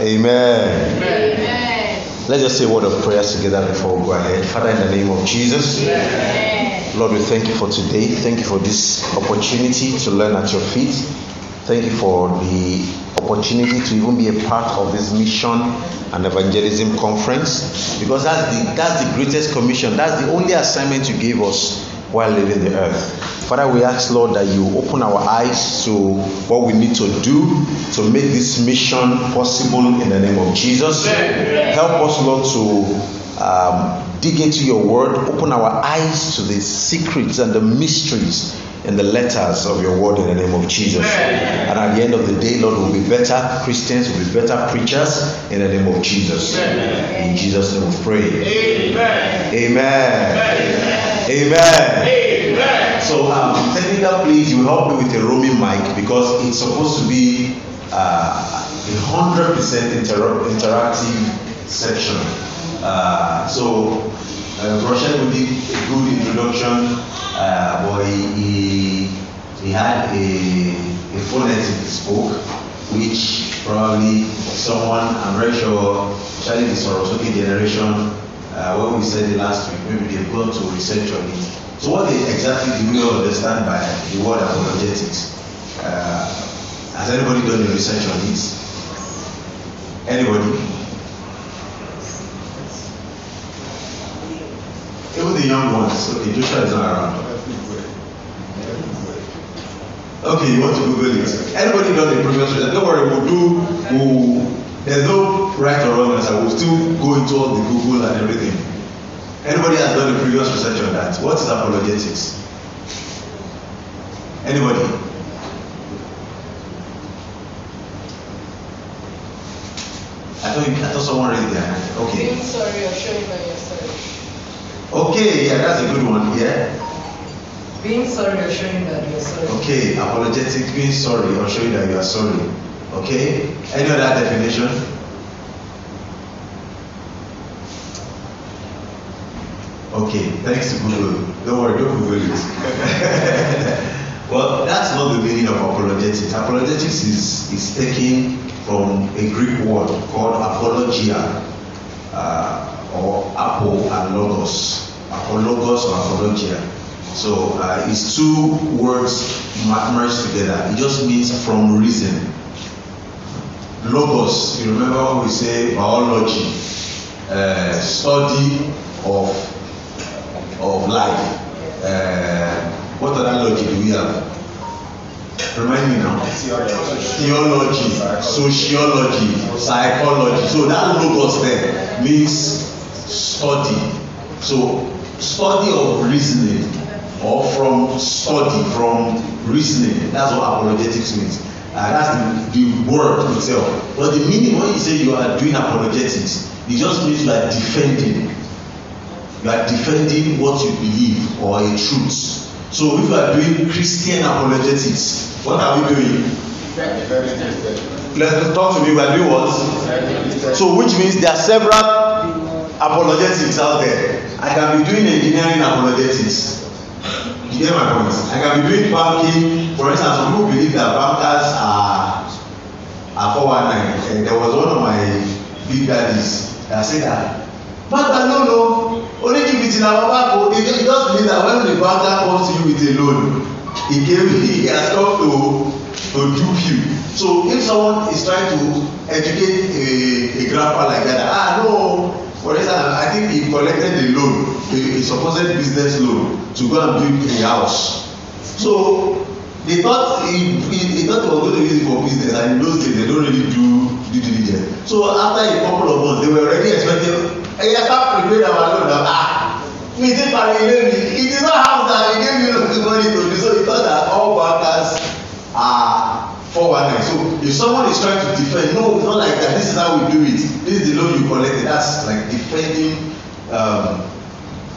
Amen. Amen. Let's just say a word of prayers together before we go ahead. Father, in the name of Jesus. Amen. Lord, we thank you for today. Thank you for this opportunity to learn at your feet. Thank you for the opportunity to even be a part of this mission and evangelism conference because that's the that's the greatest commission. That's the only assignment you gave us while living the earth. Father, we ask, Lord, that you open our eyes to what we need to do to make this mission possible in the name of Jesus. Help us, Lord, to um, dig into your word, open our eyes to the secrets and the mysteries in the letters of your word in the name of Jesus. And at the end of the day, Lord, we'll be better Christians, we'll be better preachers in the name of Jesus. Amen. In Jesus' name we pray. Amen. Amen. Amen. Amen. So, um, technical, please, you help me with a roaming mic because it's supposed to be uh, a 100% inter- interactive section. Uh, so, Uh, Rochelle did a good introduction, uh, but he, he, he had a, a phonetic spoke, which probably someone, I'm very sure, especially the Sorosuke generation, uh, when we said it last week, maybe they've gone to research on it. So what exactly do we all understand by the word apologetics? Uh, has anybody done the research on this? Anybody? Even the young ones. Okay, Joshua is not around. Okay, you want to Google it. Anybody done the previous research? Don't worry, we'll do, we'll, there's no right or wrong answer. We'll still go into all the Google and everything. Anybody has done the previous research on that? What is apologetics? Anybody? I thought, I thought someone read that. hand. Okay. Being sorry or showing that you're sorry. Okay, yeah, that's a good one. Yeah. Being sorry or showing that you're sorry. Okay, apologetic, being sorry or showing that you are sorry. Okay? Any other definition? Okay, thanks to Google. Don't worry, don't Google it. well, that's not the meaning of apologetics. Apologetics is, is taken from a Greek word called apologia. Uh, or Apple and Logos. Logos or Apologia. So uh, it's two words merged together. It just means from reason. Logos, you remember when we say biology, uh, study of of life. Uh, what other logic do we have? Remind me now. Theology, sociology, psychology. So that logos there means study so study of reasoning or from study from reasoning that's what apologetics means and uh, that's the, the word itself but the meaning when you say you are doing apologetics it just means you are defending you are defending what you believe or a truth so if you are doing christian apologetics what are we doing let's talk to me about doing what so which means there are several apologetics out there. I can be doing engineering apologetics. You get my point? I can be doing banking. For instance, some people believe that bankers are are 419. And there was one of my big daddies that said that banker no no only if it's in our bank he just believe that when the banker comes to you with a loan he gave he has come to to dupe you so if someone is trying to educate a a grandpa like that ah no for instance i think he collected the loan a a supposed business loan to go and build a house so they thought he he, he thought he was going to use it for business and in those days they don't really do due diligence so after a couple of months they were already expecting eya start preparing our loan now ah we dey pari gave me it is not house that he gave me the money to do so he thought that all workers are. 419 so if someone is trying to defend no it's not like that this is how we do it this is the loan you collected that's like defending um,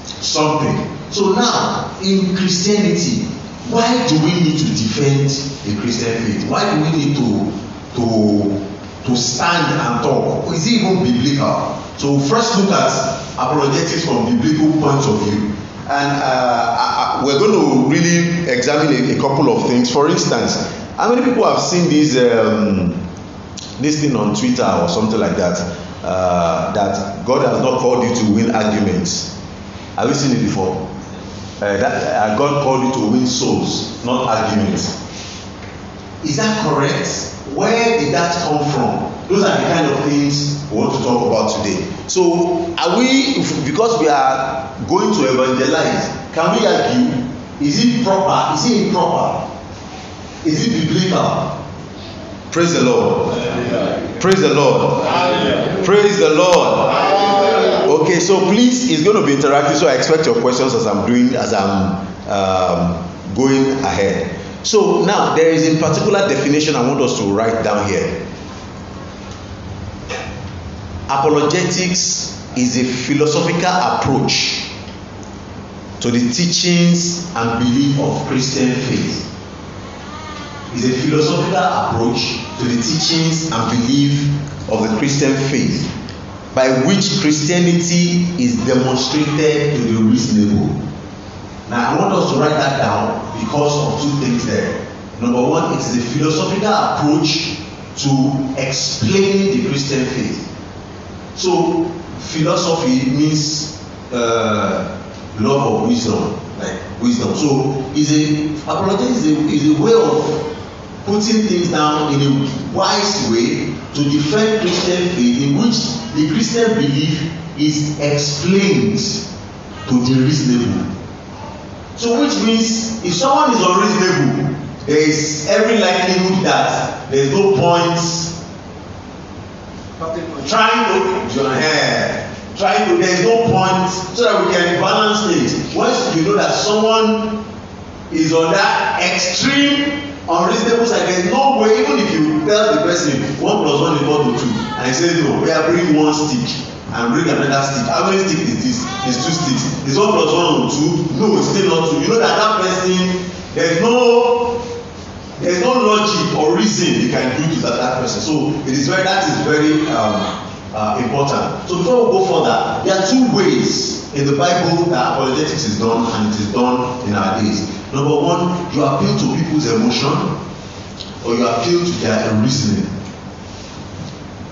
something so now in christianity why do we need to defend the christian faith why do we need to to to stand and talk is it even biblical so first look at apologetics from biblical point of view and uh, I, I, we're going to really examine a, a couple of things for instance How many people have seen this um, this thing on Twitter or something like that? Uh, that God has not called you to win arguments. Have you seen it before? Uh, that uh, God called you to win souls, not arguments. Is that correct? Where did that come from? Those are the kind of things we want to talk about today. So, are we if, because we are going to evangelize? Can we argue? Is it proper? Is it improper? Is it biblical? Praise the Lord. Praise the Lord. Praise the Lord. Okay, so please, it's going to be interactive, so I expect your questions as I'm doing, as I'm um, going ahead. So now there is a particular definition I want us to write down here. Apologetics is a philosophical approach to the teachings and belief of Christian faith is a philosophical approach to the teachings and belief of the Christian faith by which Christianity is demonstrated to the reasonable. Now I want us to write that down because of two things there. Number one, it is a philosophical approach to explain the Christian faith. So philosophy means uh, love of wisdom, like wisdom. So is a apologetics is a is a way of putting things down in a wise way to defend Christian faith in which the Christian belief is explained to the reasonable. So which means if someone is unreasonable, there is every likelihood that there is no point trying to uh, trying to there is no point so that we can balance things. Once you know that someone is on that extreme unreasonable side there is no way even if you tell the person one plus one equal to two and he say no we are bring one stick and bring another stick how many stick is this is two sticks is one plus one or two no it's still not two you know that that person there is no there is no logic or reason you can do to that that person so it is very that is very um, uh, important. So before we go further, there are two ways in the Bible that apologetics is done and it is done in our days. Number one, you appeal to people's emotion or you appeal to their reasoning.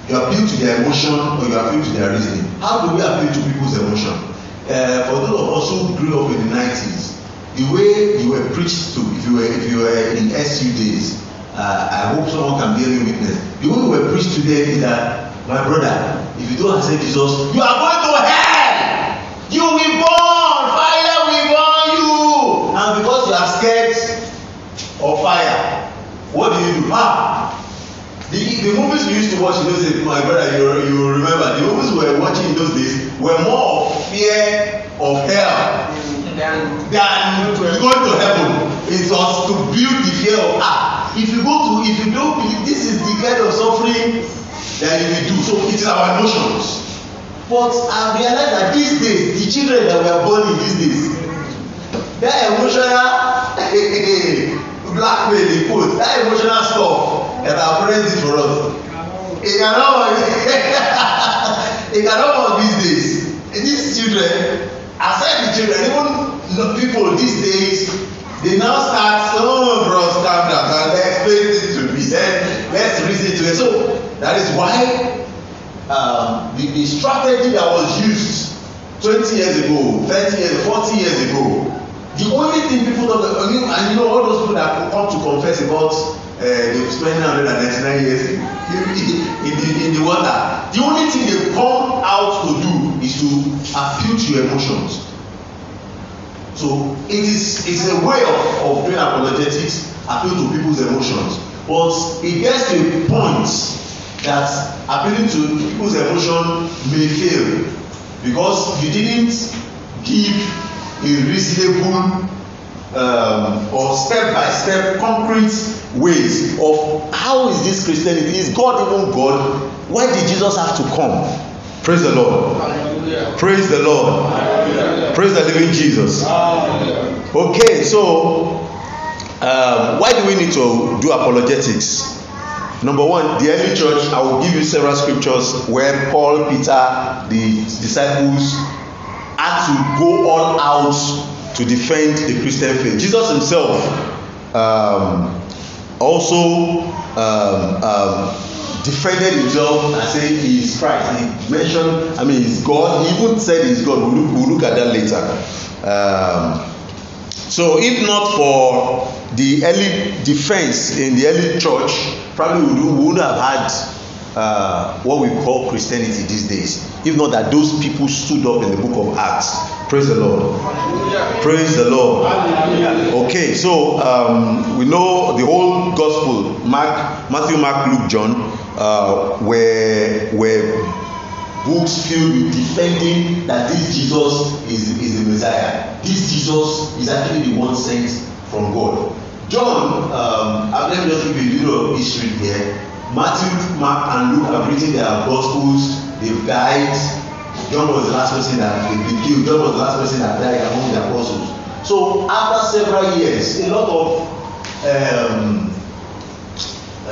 You appeal to their emotion or you appeal to their reasoning. How do we appeal to people's emotion? Uh, for those of us who grew up in the 90s, the way you were preached to if you were, if you were in SU days, uh, I hope someone can bear me witness. The way you were preached today is that, my brother, if you don't accept Jesus, you are going to hell! You will burn! people are scared of fire what do you do ah the the movies we used to watch in those days my brother you you remember the movies we were watching in those days were more of fear of hell than going to heaven it was to build the fear of ah if you go to if you don't believe this is the kind of suffering that you will do so it is our emotions but i realize that these days the children that we are born in these days that emotional blackmail he put that emotional stuff that our parents did for us e cannot work e cannot work these days these children aside the children even the people these days they now start oh bros calm down and they explain it to me then let's reason to it so that is why um, the the strategy that was used twenty years ago thirty years forty years ago the only thing people don't know, I mean, and you know all those people that come to confess about uh, they spend hundred and ninety-nine years in, the in the water the only thing they come out to do is to appeal to your emotions so it is it's a way of of doing apologetics appeal to people's emotions but it gets to a point that appealing to people's emotion may fail because you didn't give in reasonable um, or step by step concrete ways of how is this christianity is god even god why did jesus have to come praise the lord Hallelujah. praise the lord Hallelujah. praise the living jesus Hallelujah. okay so um, why do we need to do apologetics number one the early church i will give you several scriptures where paul peter the disciples had to go all out to defend the Christian faith. Jesus himself um, also um, um, defended himself and say, he is Christ. He mentioned, I mean, is God. He even said is God. We'll look, we'll look at that later. Um, so, if not for the early defense in the early church, probably we would have had uh, what we call Christianity these days. If not that those people stood up in the book of Acts. Praise the Lord. Praise the Lord. Okay, so um, we know the whole gospel Mark, Matthew, Mark, Luke, John uh, were, were books filled with defending that this Jesus is, is the Messiah. This Jesus is actually the one sent from God. John, um, I've just give you a little history here. Matthew, Mark, and Luke have written their gospels. They've died. John was the last person that they be killed. John was the last person that died among their apostles. So after several years, a lot of um,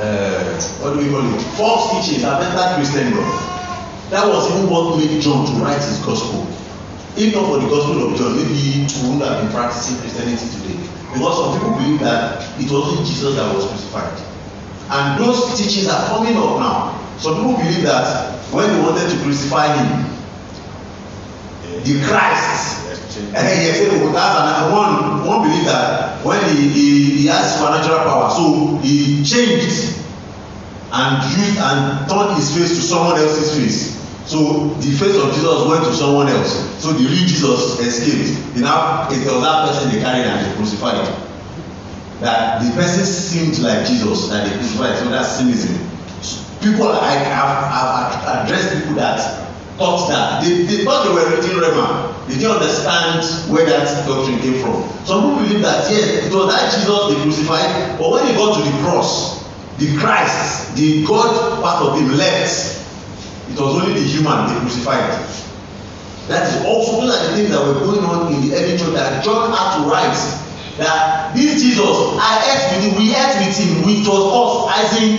uh, what do we call it? False teachings have entered Christendom. That was even what made John to write his gospel. If not for the gospel of John, maybe we wouldn't have been practicing Christianity today. Because some people believe that it wasn't Jesus that was crucified. And those teachings are coming up now. Some people believe that when they wanted to crucify him, eh, the Christ, and then he said, well, that's an, one, one believe that when he, he, he has supernatural power, so he changed and used and turned his face to someone else's face so the face of jesus went to someone else so the real jesus escaped you know it was that person they carried and they crucified that the person seemed like Jesus that they crucified so that's cynicism people I have have addressed people that thought that they they thought they were reading Rema they didn't understand where that doctrine came from some people believe that yes it was that Jesus they crucified but when he got to the cross the Christ the God part of him left it was only the human they crucified that is also those are the things that were going on in the early church that John had to write that this Jesus I ate with him we ate with him which was us I in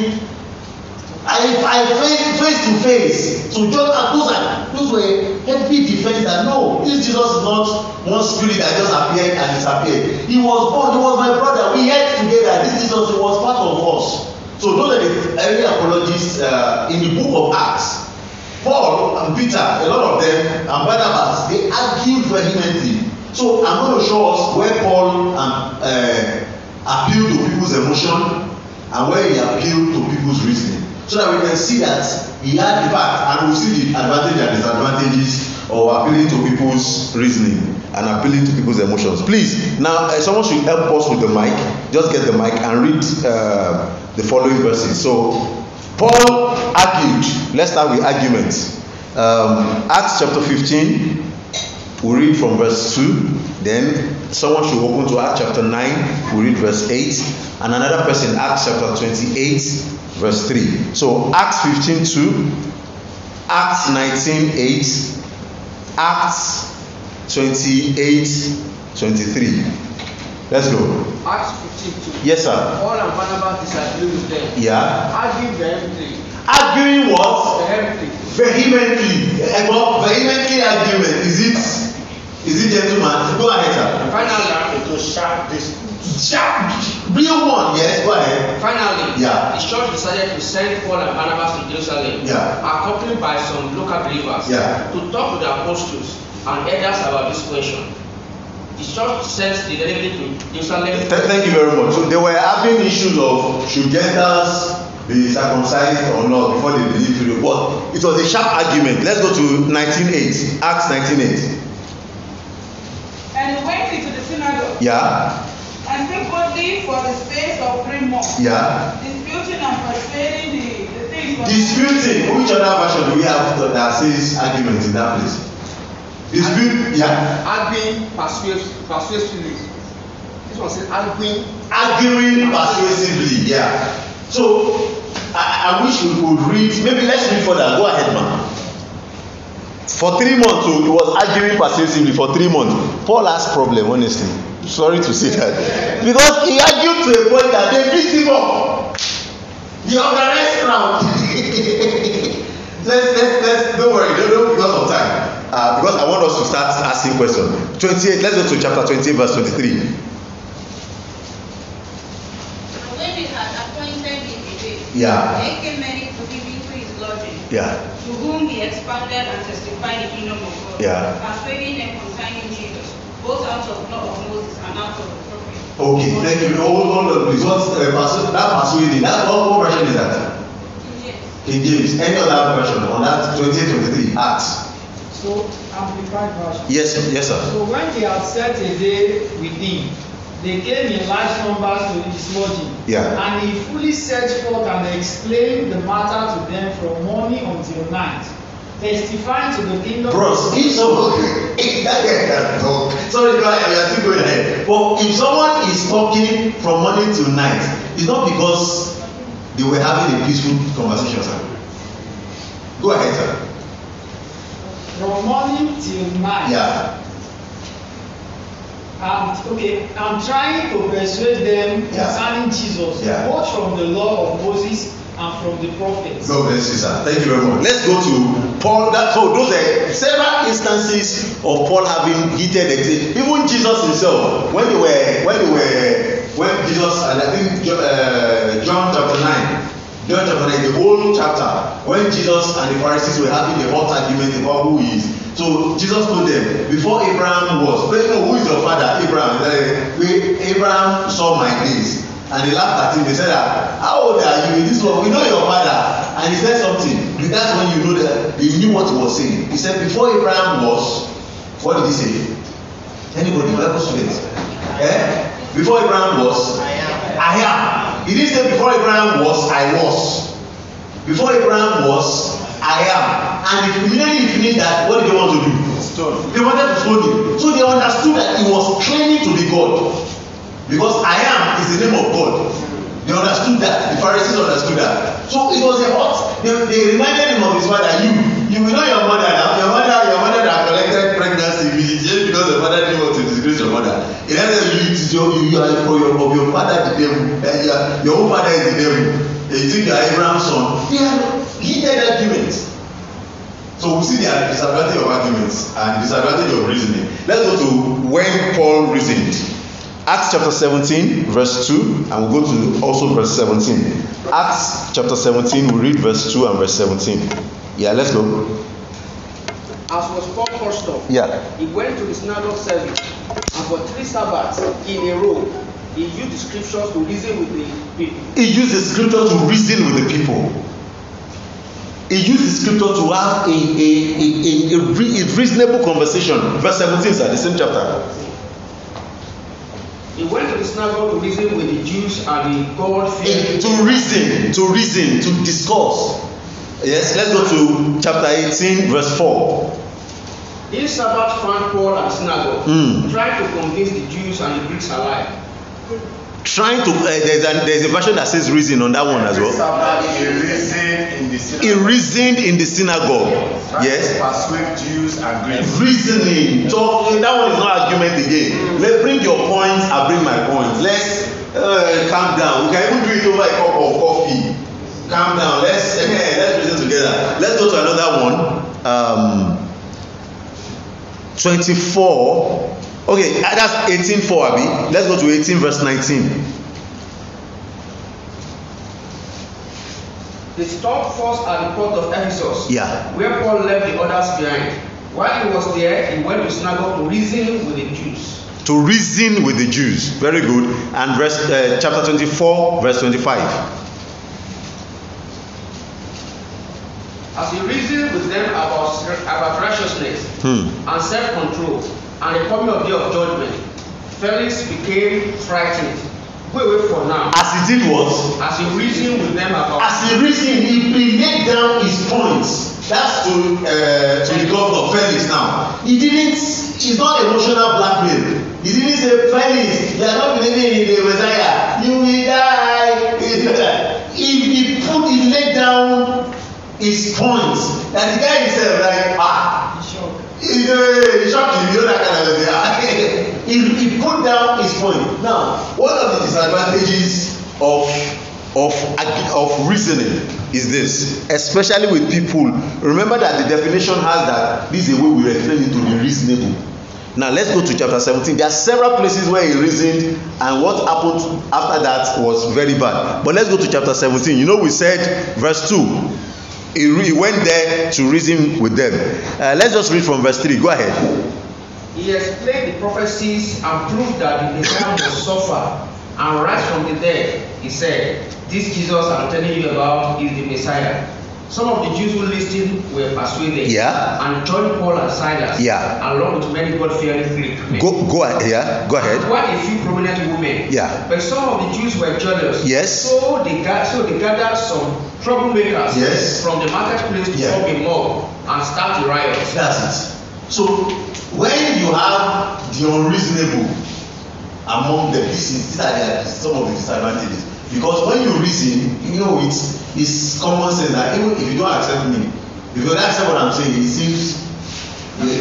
I I face face to face to judge accuser those were heavy defence that no this Jesus is not one spirit that just appeared and disappeared he was born he was my brother we ate together this Jesus was part of us so those are the early apologists uh, in the book of Acts Paul and Peter a lot of them and Barnabas they argued vehemently So I'm going to show us where Paul um, uh, appealed to people's emotion and where he appealed to people's reasoning so that we can see that he had the fact and we see the advantage and disadvantages of appealing to people's reasoning and appealing to people's emotions please now uh, someone should help us with the mic just get the mic and read uh, the following verses so paul argued let's start with arguments. um, acts chapter 15 we read from verse two. then someone should open to acts chapter nine. we read verse eight. and another person acts chapter twenty-eight, verse three. so acts 15 2 acts 19 8 acts twenty-three. let's go acts fifteen two. yes sir All and barnabas disagree with them yeah arguing vehemently arguing what vehemently vehemently vehemently argument is it Is it gentleman? Go ahead, sir. Finally, to sharp this. Sharp, real one. Yes, go ahead. Finally, yeah. the church decided to send Paul and Barnabas to Jerusalem, yeah. accompanied by some local believers, yeah. to talk to the apostles and elders about this question. The church sends the delivery to Jerusalem. Thank you very much. So they were having issues of should Gentiles be circumcised or not before they believe to the word. It was a sharp argument. Let's go to 19:8, Acts 19:8. And went into the synagogue. Yeah. And frequently for the space of three months. Yeah. Disputing and persuading the, the things. Disputing. Which other version do we have that says argument in that place? Dispute. Arguing, yeah. Arguing persuasively. persuasively. This one says arguing. Arguing persuasively. Yeah. So I, I wish we could read. Maybe let's read further. Go ahead, ma'am for three months so oh, he was arguing persuasively for three months paul has problem honestly sorry to say that because he argued to a point that they beat him up the organized round let's let's let's don't worry don't don't because of time uh, because i want us to start asking questions twenty-eight let's go to chapter twenty-eight verse twenty-three. Yeah. Godhead, yeah. to whom he expounded and testified the kingdom of God, yeah. persuading them concerning Jesus, both out of law of Moses and out of the prophets. Okay, thank you. Hold on, please. What, uh, persu- that persuading, that, what, what version is that? King James. Any other version on that 2023 Acts? So, amplified version. Yes, yes, sir. So, when they had set a day with him, They came in large numbers to his lodging. Yeah. And he fully set forth and explained the matter to them from morning until night, testifying to the kingdom. Bros, if someone that guy can talk, sorry, we are still going ahead. But if someone is talking from morning till night, it's not because they were having a peaceful conversation, sir. Go ahead, sir. From morning till night. Yeah um, okay, I'm trying to persuade them concerning Jesus, yeah. both from the law of Moses and from the prophets. God bless you, sir. Thank you very much. Let's go to Paul. That, so those are several instances of Paul having heated Even Jesus himself, when they were, when they were, when Jesus, I think uh, John chapter nine. John chapter 9, the whole chapter, when Jesus and the Pharisees were having a hot argument about who he is. So Jesus told them, before Abraham was, let me know who is your father, Abraham. Abraham saw my face. And he laughed at him. They said, ah, How old are you in this world? We know your father. And he said something. That's when you know that he knew what he was saying. He said, Before Abraham was, what did he say? Anybody, Bible students? Eh? Before Abraham was, I am. I am. He didn't say before Abraham was, I was. Before Abraham was, I am. And it immediately it means that what did they want to do? Stone. They wanted to stone him. So they understood that he was claiming to be God. Because I am is the name of God. They understood that. The Pharisees understood that. So it was a hot. They, they reminded him of his father. You, you will know your mother now. Your mother, your mother that collected pregnancy because your father didn't want to disgrace your mother. It doesn't is your you are for your of your father the devil and your your own father is the devil and you think you are abraham's son They are. he had argument so we see the disadvantage of arguments and disadvantage of reasoning let's go to when paul reasoned acts chapter seventeen verse two and we we'll go to also verse seventeen acts chapter seventeen we read verse two and verse seventeen yeah let's go. as was paul first off. yeah he went to the synagogue service and for three Sabbaths in a row he used the scriptures to reason with the people. he used the scriptures to reason with the people. he used the scripture to have a a a a a, a reasonable conversation verse seventeen is at the same chapter. He went to the synagogue to reason with the Jews and the God-fearing. To reason, to reason, to discuss. Yes, let's go to chapter 18, verse 4. These Sabbath found Paul at synagogue, mm. trying to convince the Jews and the Greeks alike. Trying to, uh, there's, a, there's a version that says reason on that one as well. he reasoned in the synagogue. He reasoned in the synagogue. Yes. Persuade Jews and Greeks. Reasoning, talking. Eh, that one is not argument again. Mm. Let's bring your points. I bring my points. Let's uh, calm down. We can even do it over a cup of coffee. Calm down. Let's uh, let's reason together. Let's go to another one. Um, 24 okay uh, that's 18 4 abi let's go to 18 verse 19 they stopped first at the port of ephesus yeah where paul left the others behind while he was there he went to synagogue to reason with the jews to reason with the jews very good and verse uh, chapter 24 verse 25 As he reasoned with them about, about righteousness hmm. and self control and the coming of day of judgment, Felix became frightened. Wait, wait for now. As he did what? As he reasoned with them about. As he reasoned, he laid down his points. That's to uh, to the governor Felix now. He didn't. She's not emotional blackmail. He didn't say Felix, you are not believing in the Messiah. You will die. He, he put. He laid down his point and the guy himself like ah he dey eh, shock you you know that kind of thing ah he he put down his point now one of the disadvantages of of of reasoning is this especially with people remember that the definition has that this is a way we explain it to be reasonable now let's go to chapter seventeen there are several places where he reasoned and what happened after that was very bad but let's go to chapter seventeen you know we said verse two He, he went there to reason with them. Uh, let's just read from verse 3. Go ahead. He explained the prophecies and proved that the Messiah must suffer and rise from the dead. He said, This Jesus I'm telling you about is the Messiah Some of the Jews who listened were persuaded. Yeah. And joined Paul and Silas. Yeah. Along with many God-fearing Greek men. Go, go, yeah, go ahead. And quite a few prominent women. Yeah. But some of the Jews were jealous. Yes. So they, so they gathered some troublemakers yes. from the marketplace to yeah. form a mob and start the riot. That's it. So when you have the unreasonable among the pieces, these are some of the disadvantages because when you reason you know it's it's common sense that even if you don't accept me if you don't accept what i'm saying it seems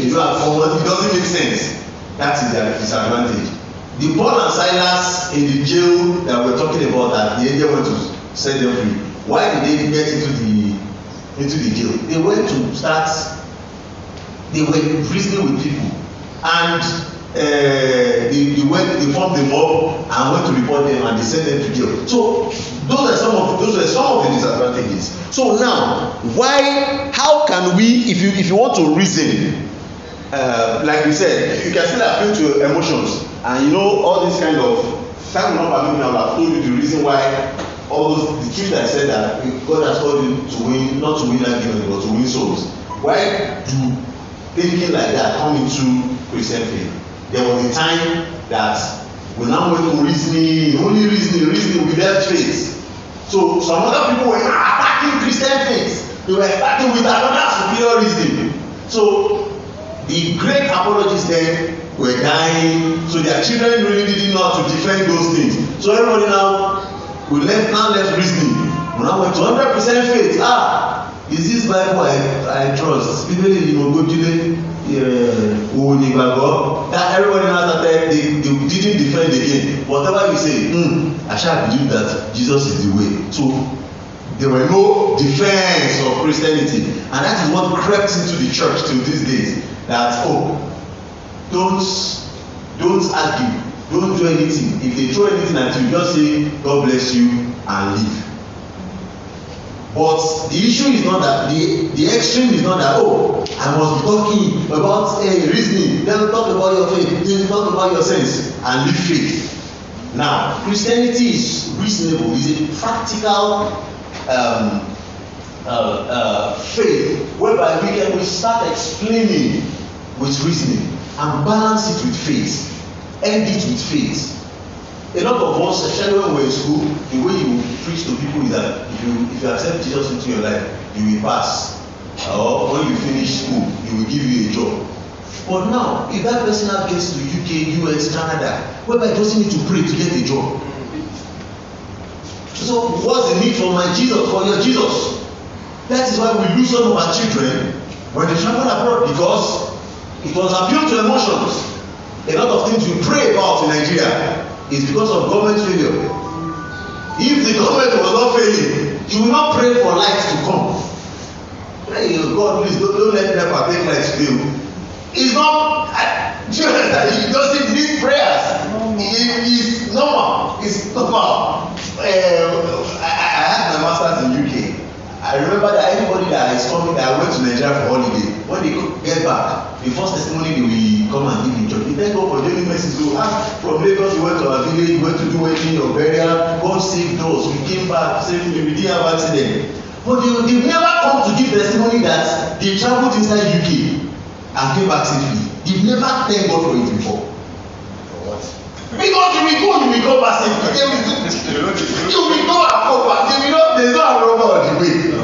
you don't have common it doesn't make sense that is their disadvantage the paul and silas in the jail that we were talking about that the angel went to set them free why did they get into the into the jail they went to start they were reasoning with people and uh, they, went they formed the mob and went to report them and they sent them to jail so those are some of those are some of the disadvantages so now why how can we if you if you want to reason uh, like you said you can still appeal to emotions and you know all this kind of time number i mean i will have told you the reason why all those the chief that said that god has called you to win not to win argument but to win souls why do thinking like that come into christian faith there was a time that we now went to reasoning only reasoning reasoning without faith so some other people were attacking christian faith they were attacking with another superior reasoning so the great apologists then were dying so their children really didn't know how to defend those things so everybody now we left now left reasoning we now went to hundred percent faith ah is this bible i i trust bíbélì yìí mo gbójúlé eh, òun ni gbàgbọ́ that everybody now that they they didn't defend again whatever you say hmm i shall believe that jesus is the way so there were no defense of christianity and that is what crept into the church till these days that oh don't don't argue don't do anything if they throw anything at you just say god bless you and leave but the issue is not that the the extreme is not that oh i must be talking about uh, reasoning then talk about your faith then talk about your sense and leave faith now christianity is reasonable is a practical um, uh, uh, faith whereby we can we start explaining with reasoning and balance it with faith end it with faith a lot of us, especially when we were in school, the way you preach to people is that if you if you accept Jesus into your life, you will pass. Or when you finish school, he will give you a job. But now, if that person now gets to UK, US, Canada, where he doesn't need to pray to get a job. So what's the need for my Jesus, for your Jesus? That is why we lose some of our children when they travel abroad because it was appeal to emotions. A lot of things we pray about in Nigeria is because of government failure if the government was not failing you will not pray for light to come pray your oh god please don't don't let nepa take light fail oh. it's not do you understand he doesn't need prayers it is normal it's normal uh, I, I had my masters in uk i remember that anybody that is coming that i went to nigeria for holiday when they get back the first testimony they will come and give the church we thank God for daily mercy so ah from Lagos we went to our village we went to do wedding or burial God saved those. we came back save me we didn't have accident but they they never come to give testimony that they travelled inside UK and came back safely they never thank God for it before. because we go we go back safely then we go we go and come back then we no dey go and run out the way.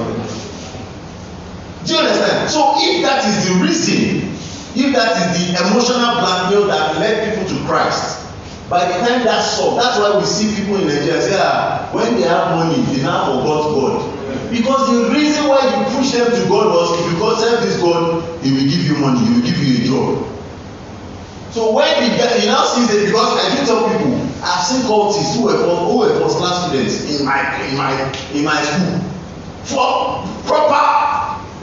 Do you understand? So if that is the reason, if that is the emotional blackmail that led people to Christ, by the time that solve, that's why we see people in Nigeria say, ah, when they have money, they now forgot God. Because the reason why you push them to God was if you go serve this God, he will give you money, he will give you a job. So when the guy, you now see that because I do tell people, I've seen cultists who were from who were first class students in my in my in my school for proper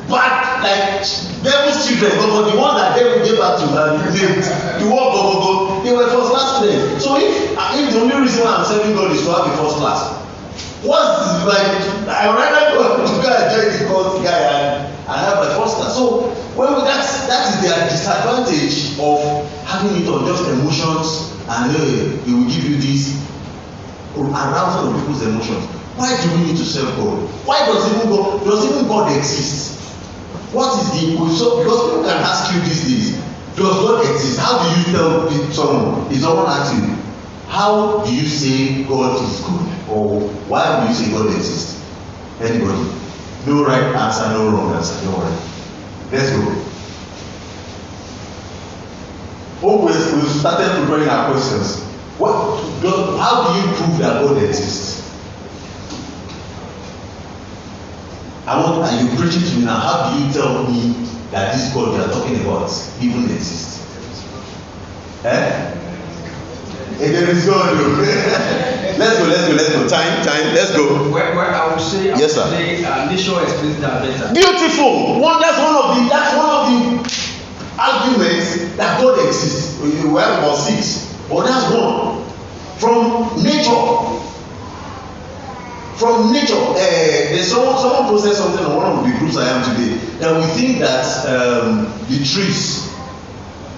bad like devil's children but the one that devil gave back to na uh, the name the one go. they were first class students so if uh, if the only reason why i'm serving god is to have a first class what's like i rather go to go and join the cult guy and and have my first class so when that's that is their disadvantage of having it on just emotions and hey they will give you this around some people's emotions why do we need to serve god why does even god does even god exist what is the position because people can ask you these days does God exist how do you tell someone Is someone asking you how do you say God is good or why do you say God exists anybody no right answer no wrong answer no worry let's go always we started preparing our questions what God how do you prove that God exists And what are you preaching to me now? How do you tell me that this God you are talking about even exists? Eh? If there is God, let's go, let's go, let's go. Time, time, let's go. Where, where I will say, yes, sir. Say, uh, explains that better. Beautiful. One, that's one of the, that's one of the arguments that God exists. Well, was six, but that's one from nature from nature uh, there's someone someone posted something on one of the groups i am today that we think that um, the trees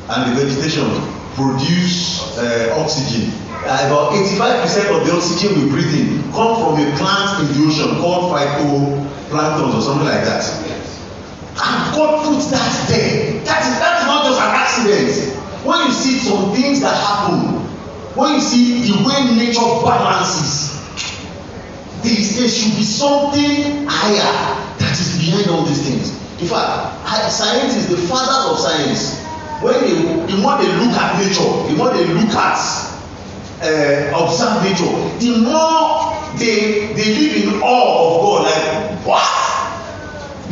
and the vegetation produce uh, oxygen uh, about eighty-five percent of the oxygen we breathe in come from a plant in the ocean called phytoplankton or something like that and God put that there that is that is not just an accident when you see some things that happen when you see the way nature balances is there should be something higher that is behind all these things in fact science is the father of science when they the more they look at nature the more they look at uh, observe nature the more they they live in awe of God like what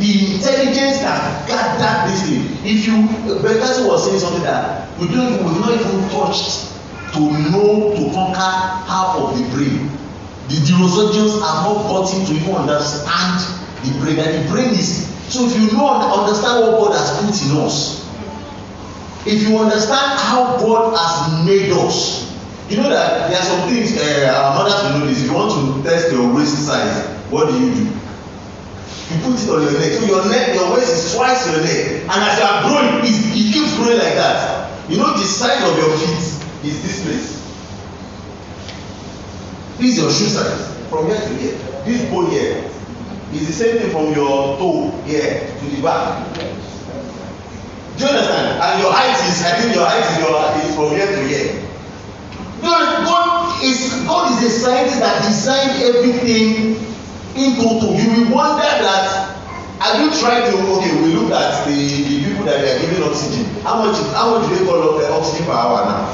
the intelligence that gathered this thing if you Bekasi was saying something that we don't we not even touched to know to conquer half of the brain The neurosurgeons are not gotten to even understand the brain and the brain is so if you know understand what God has put in us if you understand how God has made us you know that there are some things uh, our mothers will know this if you want to test your waist size what do you do you put it on your neck so your neck your waist is twice your neck and as you are growing it keeps growing like that you know the size of your feet is this place This is your shoe size from here to here. This bone here is the same thing from your toe here to the back. Do you understand? And your height is, I think your height is, your, is from here to here. God, God is God is a scientist that designed everything in total. You will wonder that have you tried to okay we look at the the people that they are giving oxygen how much how much do they call up uh, the oxygen per hour now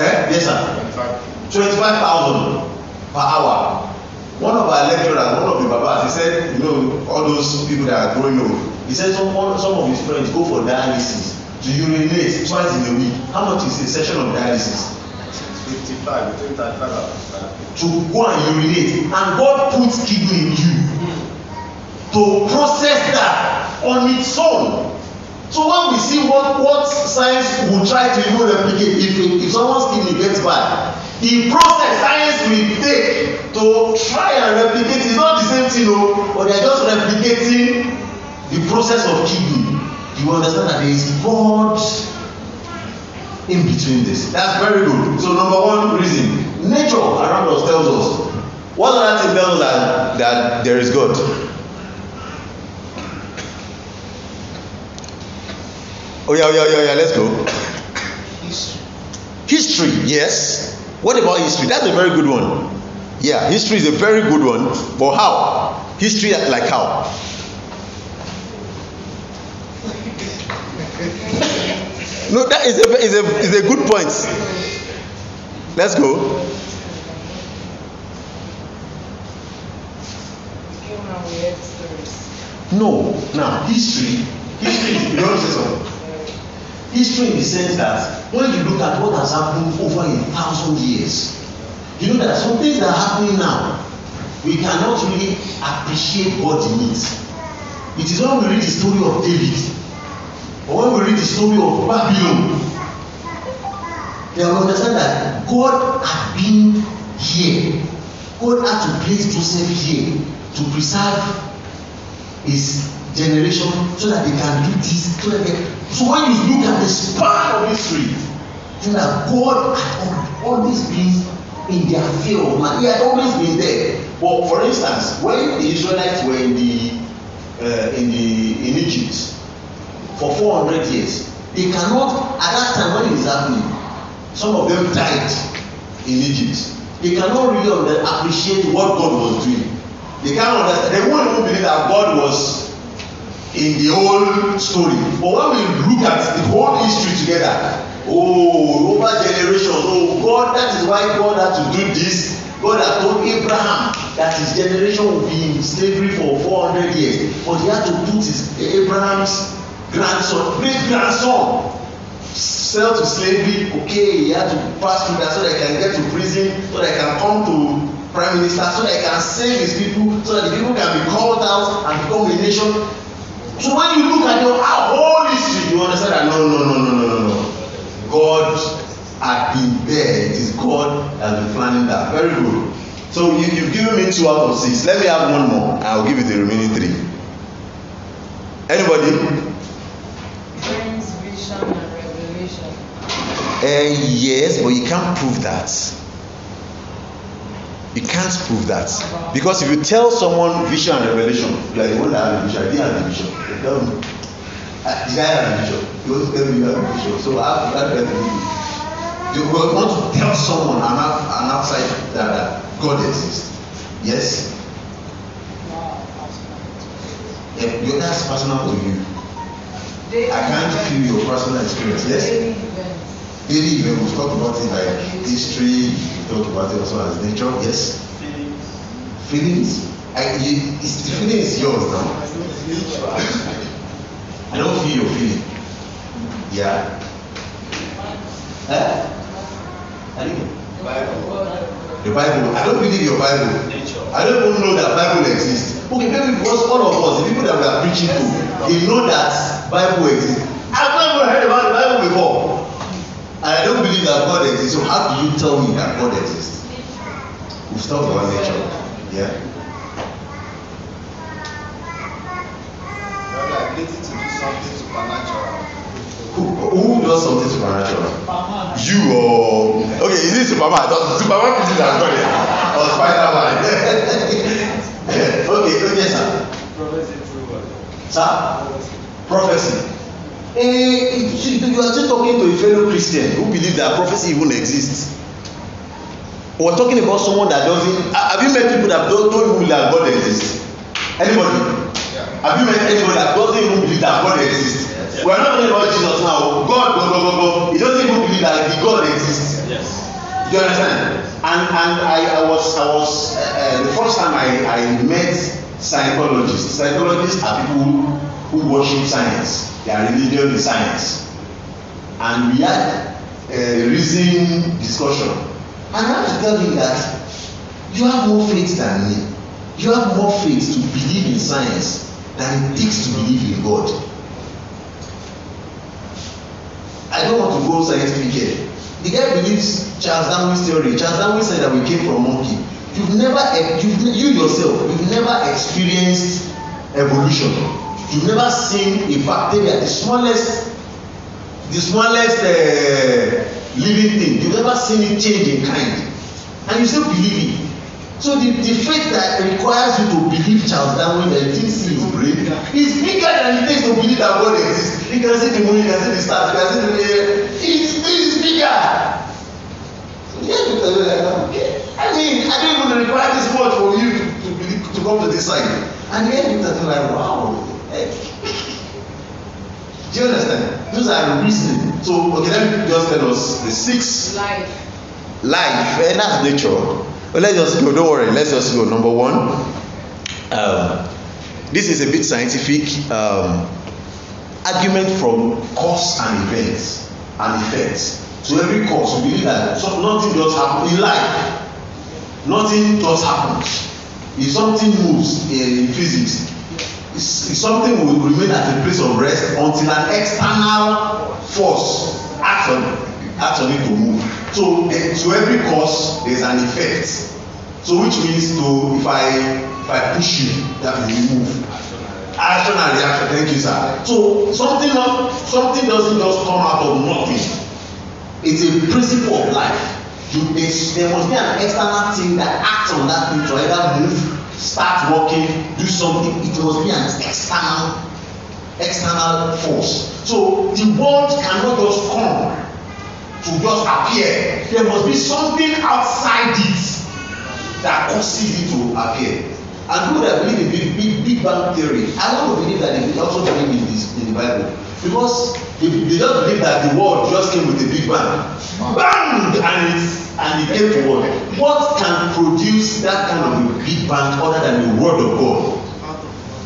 eh yes sir twenty-five thousand per hour one of our lecturers one of the babas he said you know all those people that are growing old he said some some of his friends go for dialysis to urinate twice in a week how much is a session of dialysis fifty-five between five and to go and urinate and God put kidney in you to process that on its own so when we see what what science will try to even replicate if if someone's kidney gets bad the process science will take to try and replicate is not the same thing o oh, but they are just replicating the process of kidney you understand that there is god in between this that's very good so number one reason nature around us tells us What other thing tells us that that there is god Oh yeah, oya oh, oh, yeah, yeah. let's go history yes What about history? That's a very good one. Yeah, history is a very good one. But how? History like how? No, that is a, is a, is a good point. Let's go. No, now history. History is the process of history in the sense that when you look at what has happened over a thousand years you know that some things that are happening now we cannot really appreciate what it means it is when we read the story of david or when we read the story of babylon then we understand that god had been here god had to place joseph here to preserve his generation so that they can do this so that they so when you look at the span of history you know God had these things in their field man he had always been there but for instance when the Israelites were in the uh, in the in Egypt for four hundred years they cannot at that time when it is happening some of them died in Egypt they cannot really appreciate what God was doing they can't understand they won't even believe that God was in the whole story but when we look at the whole history together oh over generations oh God that is why God had to do this God had told Abraham that his generation would be in slavery for four hundred years but he had to put his Abraham's grandson great grandson sell to slavery okay he had to pass through that so that he can get to prison so that he can come to prime minister so that he can save his people so that the people can be called out and become a nation So when you look at your whole ah, history, you understand that no, no, no, no, no, no, no. God had been there. It is God that has been planning that. Very good. So you, you've given me two out of six. Let me have one more. I'll give you the remaining three. Anybody? Friends, vision, and revelation. Uh, yes, but you can't prove that you can't prove that because if you tell someone vision and revelation you are the one that have the vision i didn't have the vision they tell me i did have the vision you also tell me you have the vision so i have to try to believe you you go want to tell someone an out an outside that that god exists yes yeah, you that's personal to you i can't feel your personal experience yes. Daily events, must talk about things like history, we talk about things also as nature, yes. Feelings. I, you, it's, the feeling is yours now. I don't feel your feeling. Yeah. Eh? I don't The Bible. I don't believe your Bible. I don't even know that Bible exists. Okay, maybe because all of us, the people that we are preaching to, they know that Bible exists. I've never heard about the Bible before. I don't believe that God exists. So how do you tell me that God exists? We've stopped one nature. Yeah. Brother, ability supernatural. Who, who does something supernatural? You or uh, okay, is it Superman? Does Superman is it as God is? Or Spider-Man? okay, okay, sir. Prophecy through what? Sir? Prophecy. Eh, you are still talking to a fellow Christian who believe that prophecy even exists. We are talking about someone that doesn't. Have you met people that don't, don't believe that God exists? Anybody? Yeah. Have you met anybody that doesn't even believe that God exists? Yes. We are not talking about Jesus now. God, God, God, God, God. He doesn't even believe that the God exists. Yes. Do you understand? And and I, I was I was uh, the first time I I met psychologists. Psychologists are people who worship science their religion is science and we had a uh, reason discussion and i have to tell you that you have more faith than me you have more faith to believe in science than it takes to believe in god i don't want to go scientific here the guy believes charles Darwin theory charles darwin said that we came from monkey you've never you you yourself you've never experienced evolution you've never seen a bacteria the smallest the smallest uh, living thing you've never seen it change in kind and you still believe it so the the faith that requires you to believe charles darwin that things still is brain is bigger than the thing to believe that god exists you can see the moon you can see the stars you can see the air It's is bigger so you get to tell me like that okay i mean i don't even require this much from you to, to believe to come to this side and yet you tell me like wow. Do you understand? Those are reasons. So, okay, let me just tell us the six. Life. Life, and eh, that's nature. But let's just go. Don't worry. Let's just go. Number one. Um, this is a bit scientific um, argument from cause and events and effects. So every cause we believe that so nothing just happen in life. Nothing just happens. If something moves in physics, is something will remain at a place of rest until an external force acts on acts on it to move so uh, to every cause there is an effect so which means to if i if i push you that you move action and reaction thank you sir so something not something doesn't just come out of nothing it's a principle of life you there must be an external thing that acts on that thing to either move start working do something it must be an external external force so the world cannot just come to just appear there must be something outside it that causes it to appear And people that believe in big, big, big bang theory, I want to believe that they also believe in this in the Bible. Because they, they don't believe that the world just came with a big bang. Bang! And it and it came to world. What can produce that kind of a big bang other than the word of God?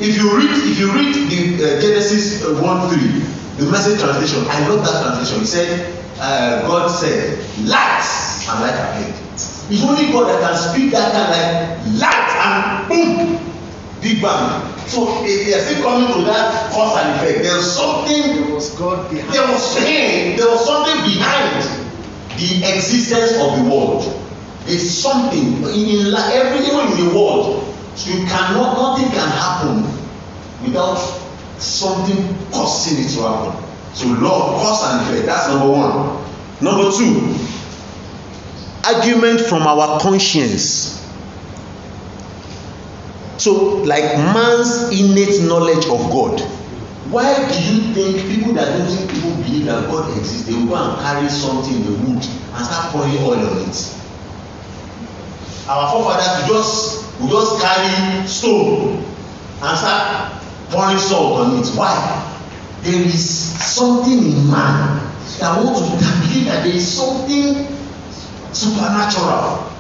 If you read, if you read the uh, Genesis 1 uh, three, the message translation, I love that translation. It said, uh, God said, Light and light appeared. It's only God that can speak that kind like light and boom, big bang. So if they are still coming to that cause and effect, there's something. There was God behind. There was pain. There was something behind the existence of the world. There's something in, in everything in the world. So you cannot. Nothing can happen without something causing it to happen. So love, cause and effect. That's number one. Number two argument from our conscience so like man's innate knowledge of god why do you think people that don't even believe that god exists they go and carry something in the wood and start pouring oil on it our forefathers we just we just carry stone and start pouring salt on it why there is something in man that want to believe that there is something supernatural.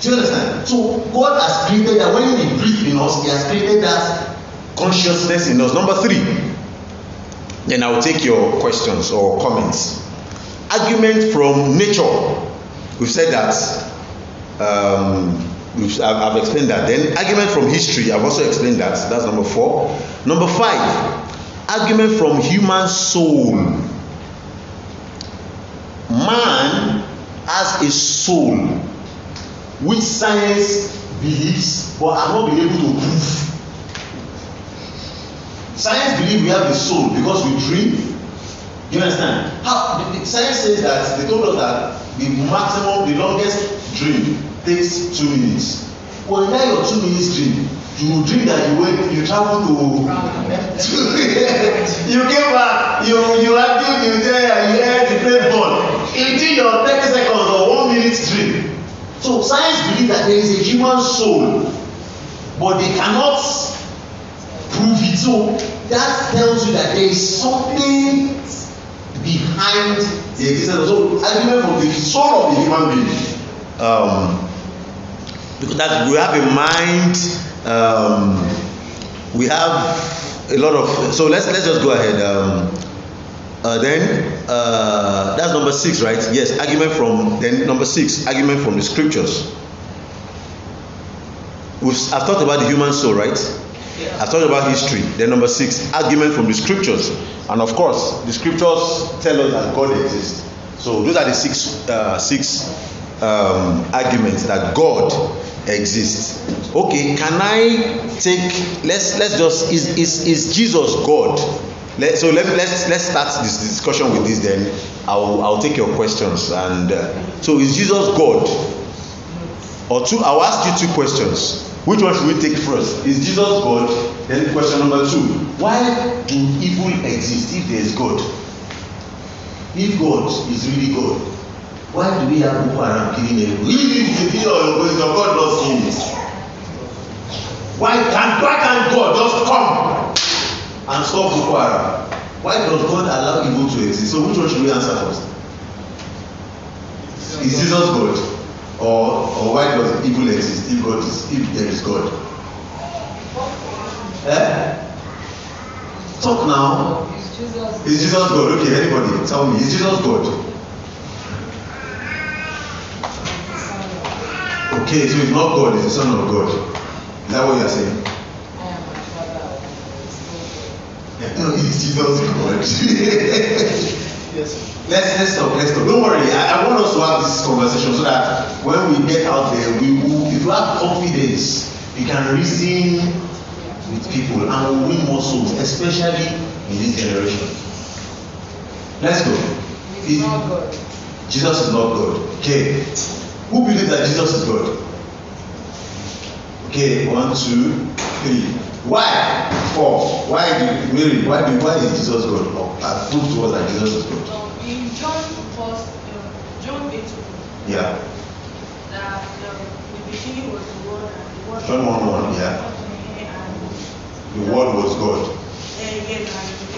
Do you understand? So God has created that when He breathed in us, He has created that consciousness in us. Number three. Then I will take your questions or comments. Argument from nature. We've said that. Um, we've, I've, I've explained that. Then argument from history. I've also explained that. That's number four. Number five. Argument from human soul man has a soul which science believes but has not been able to prove science believe we have a soul because we dream you understand how the, the science says that they told us that the maximum the longest dream takes two minutes well now your two minutes dream you dream that you went you travel to to you came back you you argue you there you hear the play ball into your 30 seconds or one minute dream. So science believe that there is a human soul, but they cannot prove it. So that tells you that there is something behind the existence. So argument from the soul of the human being. Um, because that we have a mind, um, we have a lot of. So let's let's just go ahead. Um, Uh, then uh, that's number six, right? Yes, argument from then number six, argument from the scriptures. We've, I've talked about the human soul, right? Yeah. I've talked about history. Then number six, argument from the scriptures, and of course, the scriptures tell us that God exists. So those are the six uh, six um, arguments that God exists. Okay, can I take? Let's let's just is is is Jesus God? Let, so let, let's let's start this discussion with this. Then I'll I'll take your questions. And uh, so is Jesus God? Or two? I'll ask you two questions. Which one should we take first? Is Jesus God? Then question number two: Why do evil exist if there is God? If God is really God, why do we have people around killing everyone? If it is the your God, God does sin. Why can't why can't God just come? and stop Boko Haram? Why does God allow evil to exist? So which one should we answer first? Is Jesus God? Or, or why does evil exist if God is if there is God? Eh? Talk now. Is Jesus, God? Okay, anybody tell me, is Jesus God? Okay, so he's not God, He's the Son of God. Is that what you're saying? No, it's Jesus God. yes. Let's let's talk. Let's talk. Don't worry. I, I want us to have this conversation so that when we get out there, we will. If we have confidence, we can reason with people and we win more souls, especially in this generation. Let's go. He's not God. Jesus is not God. Okay. Who believes that Jesus is God? Okay, one, two, three. Why? Four. Why did Mary? Why did why did Jesus go oh, up? I proved to that Jesus was good. Um, in John first, uh, John eight. Yeah. That um, the beginning was the word, and the word. John one one, yeah. The word was God. Uh, yes, and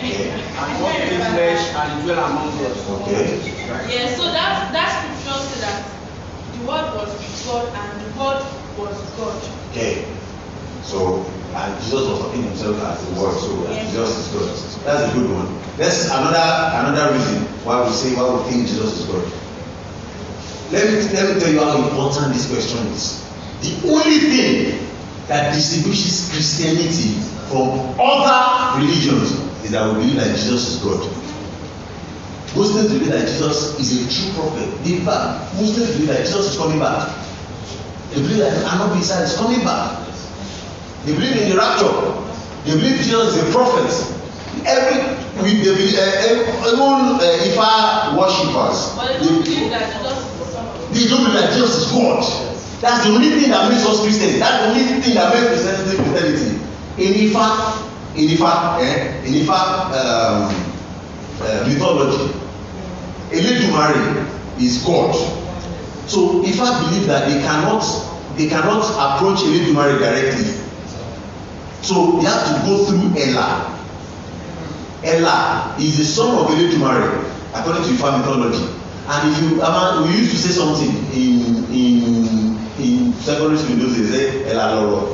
okay. And God became flesh and dwell among us. Okay. Yeah. So that that scripture says that. The word was with God and the word was God. Okay. So and Jesus was talking himself as the word. So yes. Jesus is God. That's a good one. That's another another reason why we say why we think Jesus is God. Let me let me tell you how important this question is. The only thing that distinguishes Christianity from other religions is that we believe that Jesus is God. Muslims believe that Jesus is a true prophet. In fact, Muslims believe that Jesus is coming back. They believe that Anubis is coming back. They believe in the rapture. They believe Jesus is a prophet. Every we they believe uh, even uh, Ifa worshippers. they don't believe that Jesus is God. They believe that Jesus is God. That's the only thing that makes us Christians. That's the only thing that makes Christianity Christianity. In Ifa, in Ifa, eh? in Ifa. Um, uh, mythology Elédùmarè is God so Ifá believe that they cannot they cannot approach Elédùmarè directly so they have to go through Ella Ella is the son of Elédùmarè according to Ifá mythology and if you ama we used to say something in in in secondary school those days eh Ella lọ́rọ̀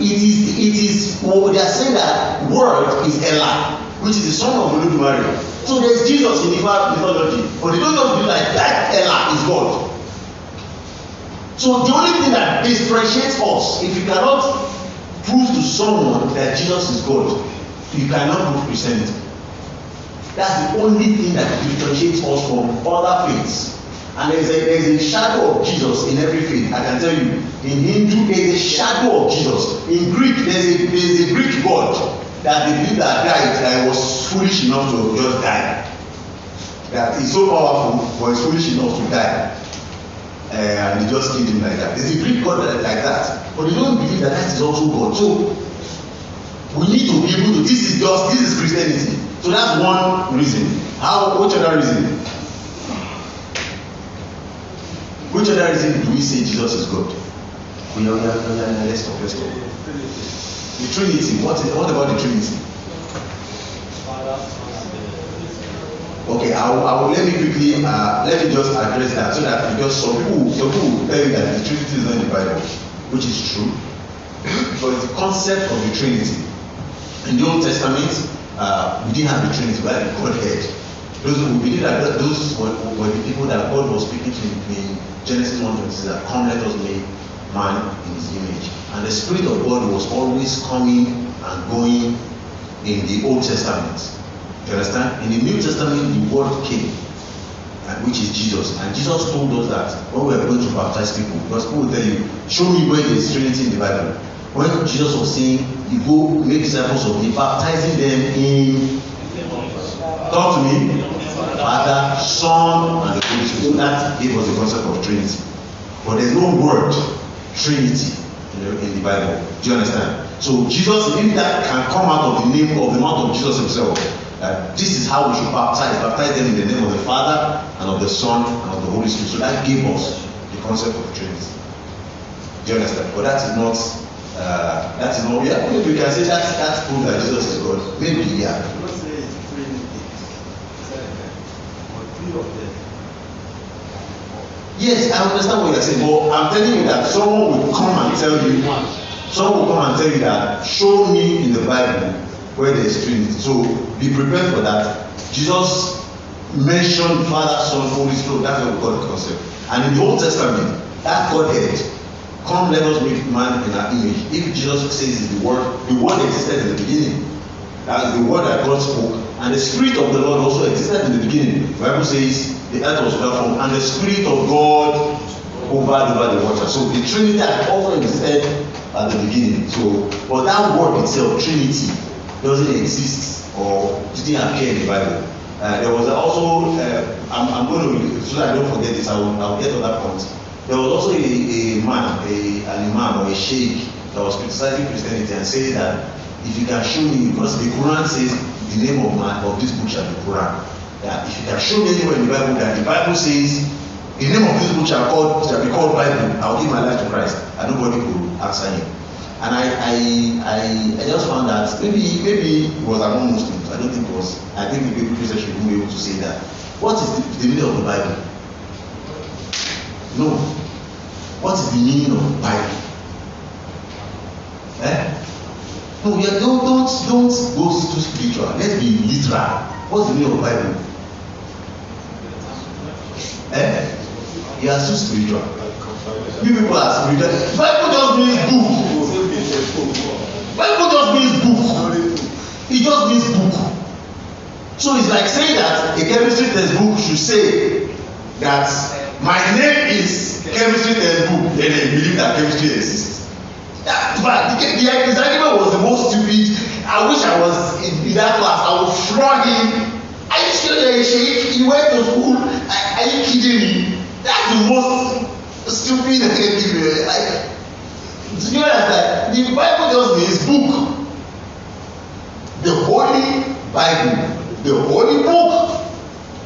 it is it is well they are saying that world is Ella which is the son of Olodumare. So there's Jesus in Igba mythology, but they don't just be like that Ella is God. So the only thing that differentiates us, if you cannot prove to someone that Jesus is God, you cannot prove Christianity. That's the only thing that differentiates us from other faiths. And there's a, there's a shadow of Jesus in every faith. I can tell you. In Hindu, there's a shadow of Jesus. In Greek, there's a, there's a Greek God that the builder died that he was foolish enough to just die that he's so powerful but he's foolish enough to die uh, and they just killed him like that they dey bring God like that but they don't believe that that is also God so we need to be able to this is just this is Christianity so that's one reason how which other reason which other reason do we say Jesus is God oya oya oya let's stop let's stop. The Trinity. What, is, what about the Trinity? Okay, I will, I will, let me quickly, uh, let me just address that so that because some people, some people will tell you that the Trinity is not in the Bible, which is true. but the concept of the Trinity, in the Old Testament, uh, we didn't have the Trinity, we had the Godhead. Those who believe that those were, were, the people that God was speaking to in Genesis 1 that come let us make man in his image. And the Spirit of God was always coming and going in the Old Testament. You understand? In the New Testament, the word came, which is Jesus. And Jesus told us that when we are going to baptize people, because people will tell you, show me where there is Trinity in the Bible. When Jesus was saying, you go make disciples of me, baptizing them in. Talk to me. Father, Son, and the Holy Spirit. That gave us the concept of Trinity. But there's no word, Trinity in the, Bible. Do you understand? So Jesus, if that can come out of the name of the mouth of Jesus himself, uh, this is how we should baptize. Baptize them in the name of the Father and of the Son and of the Holy Spirit. So that gave us the concept of Trinity. Do you understand? But that is not uh, that is not yeah. Maybe we can say that that proves that Jesus is God. Maybe yeah. Yes, I understand what you're saying, but I'm telling you that someone will come and tell you, someone will come and tell you that, show me in the Bible where there is Trinity. So be prepared for that. Jesus mentioned Father, Son, Holy Spirit. That's what we call the concept. And in the Old Testament, that Godhead, come let us make man in our image. If Jesus says is the word, the word existed in the beginning. That is the word that God spoke. And the Spirit of the Lord also existed in the beginning. Bible says, the earth was without form and the spirit of god hovered over the water so the trinity i often said at the beginning so but that word itself trinity doesn't exist or didn't appear in the bible uh, there was also uh, i'm i'm going to so that i don't forget this i will i get to that point there was also a a man a an imam or a sheikh that was criticizing christianity and saying that if you can show me because the quran says the name of man of this book shall be quran That if you can show me anywhere in the Bible that the Bible says, the name of this book shall, called, shall be called Bible, I will give my life to Christ, and nobody could answer him. And I, I, I, I just found that maybe, maybe it was among Muslims. I don't think it was. I think the maybe Christians should be able to say that. What is the, the meaning of the Bible? No. What is the meaning of the Bible? Eh? No, we don't, don't, don't go too spiritual. Let's be literal. What's the meaning of Bible? Eh? You are too spiritual. You people are spiritual. Bible just means book. Bible just means book. It just means book. So it's like saying that a chemistry textbook should say that my name is chemistry textbook then they believe that chemistry exists. That, but the, the, his argument was the most stupid. I wish I was in, in that class. I would flog him Are you serious? You went to school. Are, you kidding me? That's the most stupid thing ever. Eh? Like, do you understand? The Bible just means book. The Holy Bible. The Holy Book.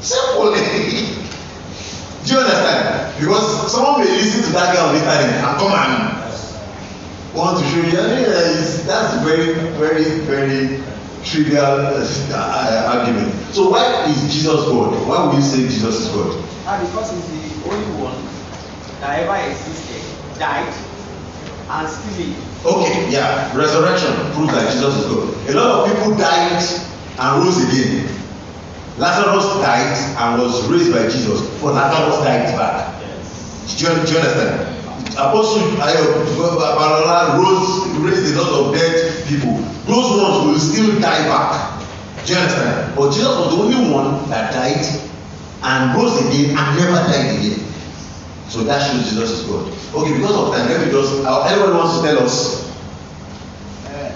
Simple. do you understand? Because someone may listen to that guy on the internet and come and want to show you. I mean, that's very, very, very trivial uh, uh, argument. So why is Jesus God? Why would you say Jesus is God? Ah, because he's the only one that ever existed, died, and still lives. Okay, yeah. Resurrection proves that Jesus is God. A lot of people died and rose again. Lazarus died and was raised by Jesus, but Lazarus died back. Yes. Do, you, do you understand? Apostle Ayo Balola rose, raised a lot of dead people, those ones will still die back. gentlemen. But Jesus was the only one that died and rose again and never died again. So that shows Jesus is God. Okay, because of time, let me just. Uh, everyone wants to tell us. Uh,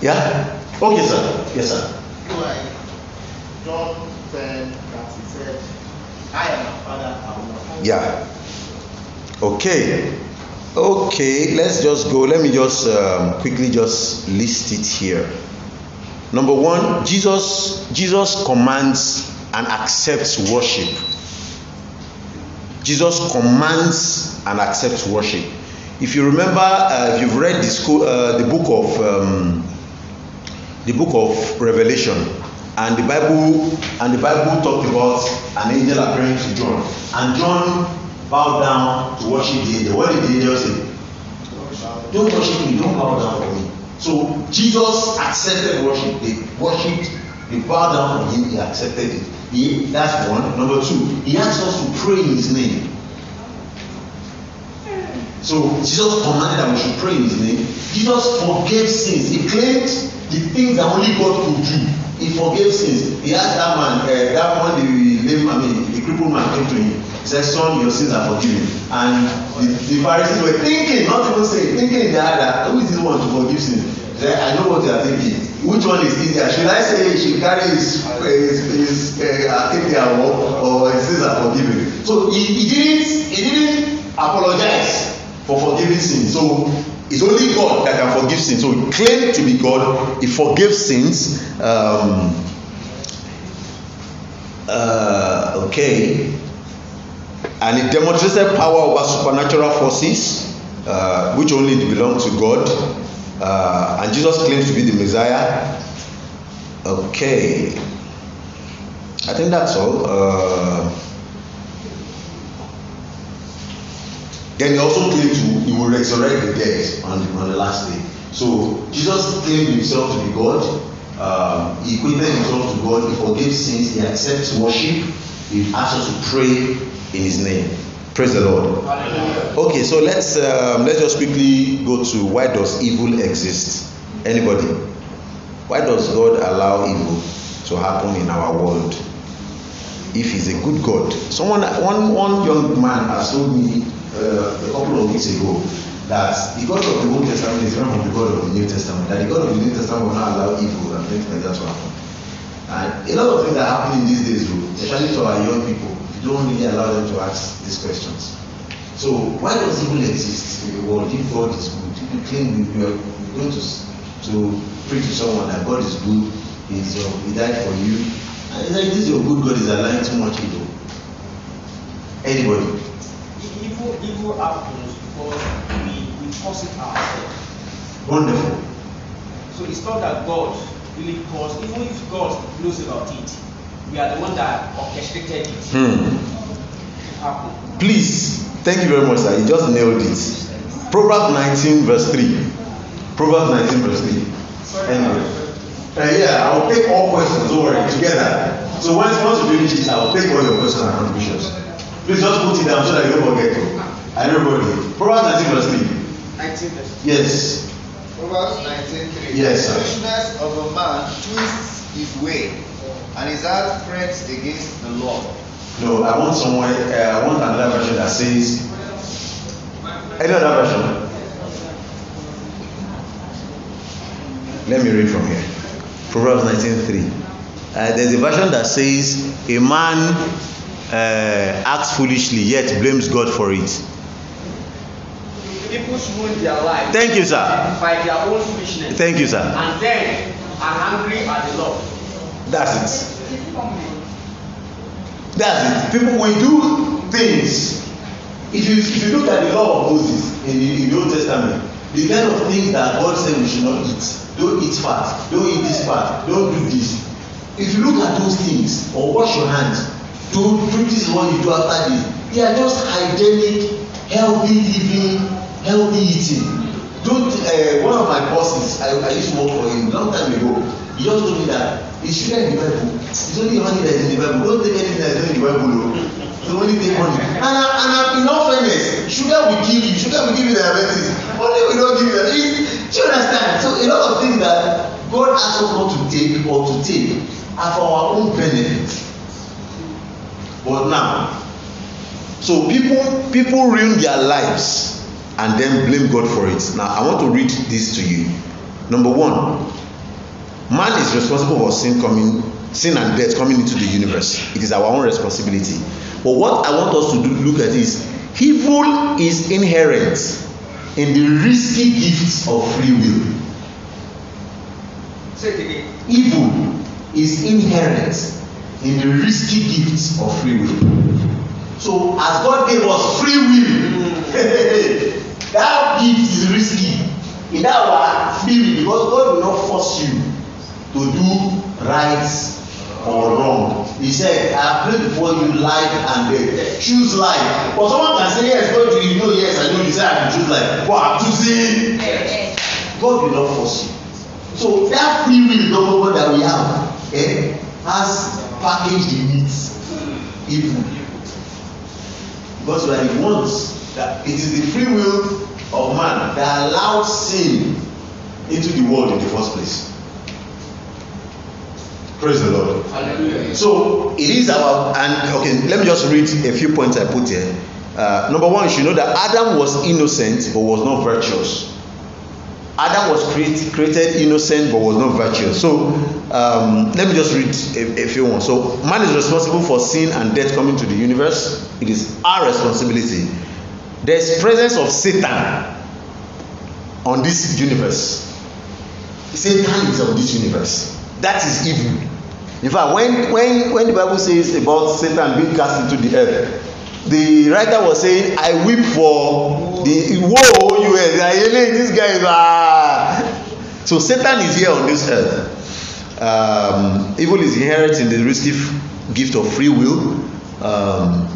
yeah? Okay, sir. Yes, sir. John that he said, I am a father, I Yeah. Okay. Okay, let's just go. Let me just um, quickly just list it here. Number one, Jesus Jesus commands and accepts worship. Jesus commands and accepts worship. If you remember, uh, if you've read the, school, uh, the book of um, the book of Revelation, and the Bible and the Bible talked about an angel appearing to John, and John bow down to worship the angel. What did the angel say? Don't worship me, don't bow down for me. So Jesus accepted worship. They worship, they bow down for him, he accepted it. He, that's one. Number two, he asked us to pray in his name. So Jesus commanded that we should pray in his name. Jesus forgave sins. He claimed the things that only God could do. He forgave sins. He asked that man, uh, that one, the lame man, the crippled man came to him. He said, Son, your sins are forgiven. And the, the Pharisees were thinking, not even saying, thinking in their heart that who is this one to forgive sin? He said, I know what they are thinking. Which one is easier? Should I say he should carry his, his, his uh, take their walk or his sins are forgiven? So he, he didn't he didn't apologize for forgiving sin. So it's only God that can forgive sins. So he claimed to be God. He forgives sins. Um, uh, okay. and he demonstrated power over supernatural forces uh, which only belong to god uh, and jesus claims to be the messiah okay i think that's all uh, then he also claimed to he will resurrect the dead on the, on the last day so jesus claimed himself to be god um, he equated himself to god he forgives sins he accepts worship he asks us to pray in His name. Praise the Lord. Okay, so let's um, let's just quickly go to why does evil exist? Anybody? Why does God allow evil to happen in our world? If He's a good God, someone one one young man has told me uh, a couple of weeks ago that the God of the Old Testament is different from the God of the New Testament. That the God of the New Testament will not allow evil and things like that to happen. And a lot of things are happening these days, especially to our young people. you don't really allow them to ask these questions. So why does evil exist in the world if God is good? If you claim you are going to, to preach to someone that God is good, He died for you, and it's like this your good God is allowing too much evil. Anybody? Evil, evil happens because we, we cause it ourselves. Wonderful. So it's not that God really caused, even if God knows about it, we are the one that orchestrated it hmm. please thank you very much sir you just nailed it proverbs 19 verse 3 proverbs 19 verse 3 anyway uh, yeah i will take all questions don't worry together so once once you finish this i will take all your questions and contributions please just put it down so that you don't forget i know everybody proverbs 19 verse 3 19 verse 3 yes Proverbs 19:3. Yes, sir. The foolishness of a man twists his way, And his heart frets against the law. No, I want someone, uh, I want another version that says, any other version? Let me read from here. Proverbs 19.3. Uh, there's a version that says, a man uh, acts foolishly yet blames God for it. People ruin their life. Thank you, sir. By their own foolishness. Thank you, sir. And then are angry at the Lord. That's it. That's it. People, we do things. If you, if you look at the law of Moses in the, in the Old Testament, the kind of things that God said we should not eat, don't eat fat, don't eat this part, don't do this. If you look at those things, or wash your hands, don't do this one you do after this, they are just hygienic, healthy living, healthy eating don't uh, one of my bosses I, I used to work for him long time ago he just told me that It shouldn't be Bible. It's only money that is in the Bible. Don't take anything that is not in the Bible. only take money. And, and I, in all fairness, sugar will give you, sugar will give you diabetes. Money will not give you diabetes. Do you understand? So a lot of things that God asks us not to take or to take are for our own benefit. But now, so people people ruin their lives and then blame God for it. Now I want to read this to you. Number one, Man is responsible for sin coming, sin and death coming into the universe. It is our own responsibility. But what I want us to do, look at is evil is inherent in the risky gift of free will. Say it again. Evil is inherent in the risky gift of free will. So as God gave us free will, that gift is risky. In that one, free will because God will not force you to do right or wrong he said i pray before you life and death choose life but someone can say yes God you know yes i know you say i can choose life but i'm choosing God will not force you so that free will number that we have eh has packaged the needs, evil because what he wants, that it is the free will of man that allowed sin into the world in the first place Praise the Lord. So it is our and okay. Let me just read a few points I put here. Uh, number one, you should know that Adam was innocent but was not virtuous. Adam was create, created innocent but was not virtuous. So um, let me just read a, a few ones. So man is responsible for sin and death coming to the universe. It is our responsibility. There is presence of Satan on this universe. Satan is on this universe that is evil in fact when when when the bible says about satan being cast into the earth the writer was saying i weep for the woe us ayele this guy is ah so satan is here on this earth um, evil is inherent in the risky gift of free will um,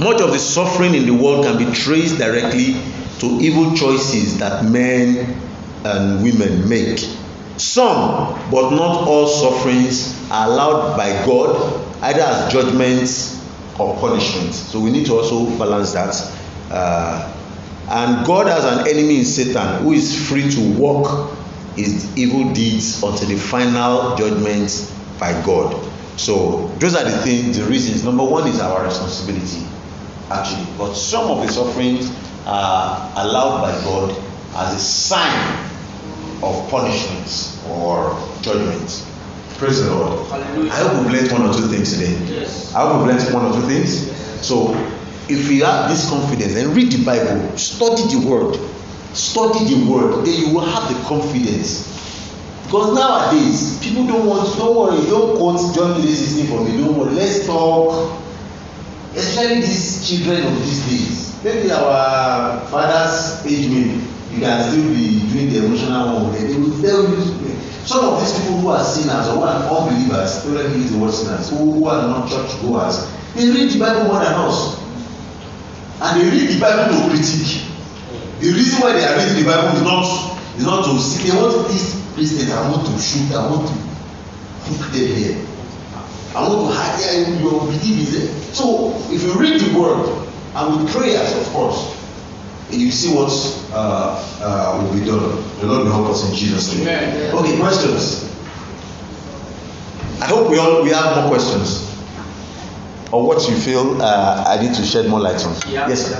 much of the suffering in the world can be traced directly to evil choices that men and women make Some, but not all sufferings are allowed by God either as judgments or punishment. So we need to also balance that. Uh, and God has an enemy in Satan who is free to work his evil deeds until the final judgment by God. So those are the things, the reasons. Number one is our responsibility, actually. But some of the sufferings are allowed by God as a sign of punishment or judgment. Praise the Lord. Hallelujah. I hope we learned one or two things today. Yes. I hope we learned one or two things. So, if you have this confidence and read the Bible, study the Word, study the Word, then you will have the confidence. Because nowadays, people don't want, don't worry, don't quote John 3:16 for me, don't worry, let's talk. Especially these children of these days, maybe our father's age, maybe you can still be doing the emotional one with them they will tell you some of these people who are sinners or who are unbelievers don't let use the word sinners who, who are not church goers they read the bible more than us and they read the bible to critique the reason why they are reading the bible is not is not to see they want these christians i want to shoot i want to hook them here i want to hide them your belief is there so if you read the word and with prayers of course you see what uh, uh, will be done. The Lord will help us in Jesus' name. Amen. Okay, questions. I hope we all we have more questions. Or what you feel uh, I need to shed more light on. Yeah. Yes, sir.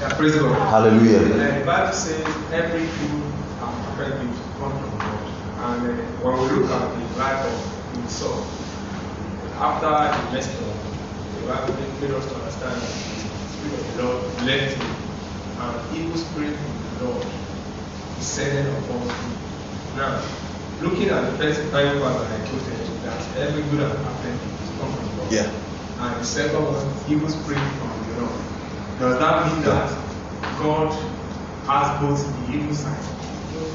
Yeah, praise God. Hallelujah. Uh, the Bible says every good and perfect gift comes from God. And uh, when we look at the life of Esau, after the lesson, the Bible made us to understand that the Spirit of the Lord led him an evil spirit from the Lord descended upon him. Now, looking at the first Bible verse that I quoted, that every good and perfect is come from God. Yeah. And the second one, evil spirit from the Lord. Does that mean yeah. that God has both the evil side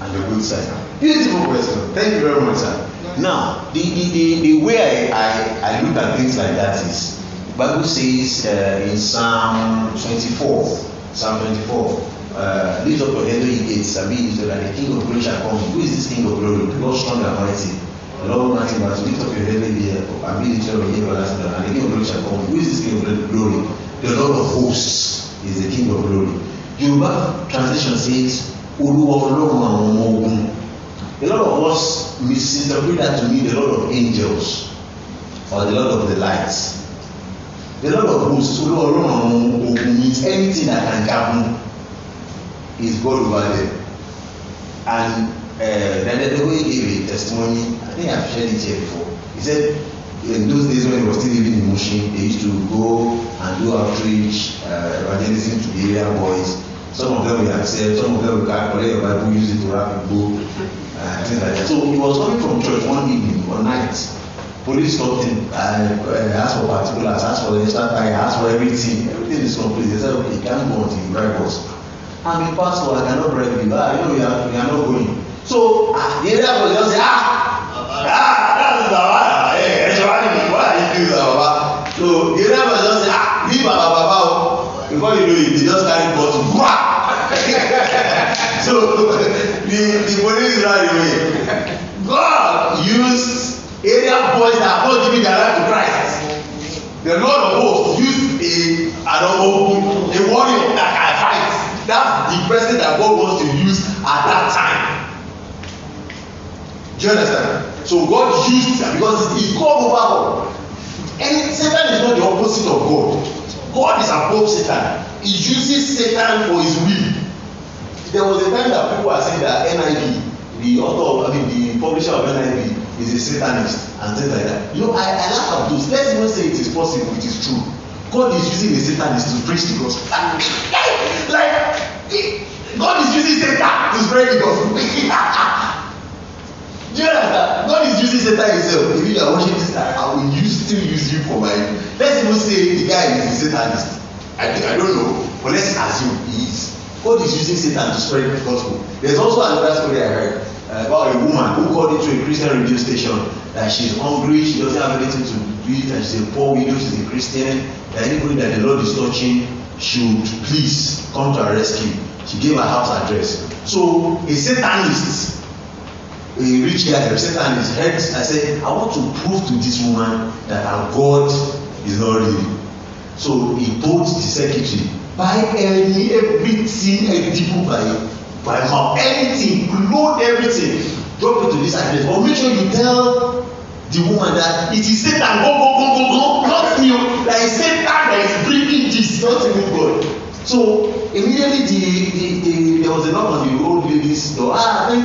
and the good side? Beautiful question. Thank you very much, sir. Now, the, the, the, the way I, I, I look at things like that is Bible says uh, in Psalm 24 Psalm 24. Uh, lift up your head, O ye gates, and be lifted, and the King of glory shall come. Who is this King of glory? The Lord strong and mighty. The Lord mighty man, lift up your head, O ye, uh, and be lifted, O ye everlasting, and the King of glory shall come. Who is this King of glory? The Lord of hosts is the King of glory. Yoruba translation says, Olúwa Ọlọ́run àwọn ọmọ ogun. A lot of us misinterpret that to mean the Lord of angels or the Lord of the lights the lord of hosts olú ọlọ́run àwọn ogun means anything that can happen is God over there? and dandadego eh, uh, gave a testimony i think i shared it here before he said in those days when he was still living in Mushin they used to go and do outreach uh, evangelism to the area boys some of them will accept some of them will carry collect your bible use it to wrap your book uh, things like that so he was coming from church one evening one night police something uh, uh, ask for particulars ask for extra time ask for everything everything is complete they say okay you can't go until you bribe us i'm a pastor i cannot bribe you ah you know you are, you are not going so ah, the area boy just say ah ah that is baba eh ẹ ṣe wá níbi why are you doing that baba so the area boy just say ah leave our baba o before you know it they just carry bottle bra so the the police run away god use area boys that are not giving their life to Christ. The Lord of hosts used a an a warrior that can fight. That's the person that God wants to use at that time. Do you understand? So God used that because He called over all. And Satan is not the opposite of God. God is above Satan. He uses Satan for his will. There was a time that people were saying that NIV, the author of, I mean, the publisher of NIV, is a satanist and things like that you know i i laugh at those let's even say it is possible it is true god is using a satanist to preach the gospel like god is using satan to spread the gospel do you understand god is using satan himself if you are watching this time i will use still use you for my let's even say the guy is a satanist i think i don't know but let's assume he is god is using satan to spread the gospel there is also another story i heard Uh, about a woman who called into a Christian radio station that she is hungry, she doesn't have anything to eat, and she's a poor widow, she's a Christian, that anybody that the Lord is touching should please come to her rescue. She gave her house address. So a Satanist, a rich guy, a Satanist, heard I said, I want to prove to this woman that our God is not real. So he told the secretary, buy early everything, everything buy But if anything, load everything, drop it to this address. But make sure you tell the woman that it is Satan, go, go, go, go, go, not you. Oh. That is Satan that is bringing this, not even God. So immediately the, the, the, there was a knock on the old lady's door. Ah, thank you.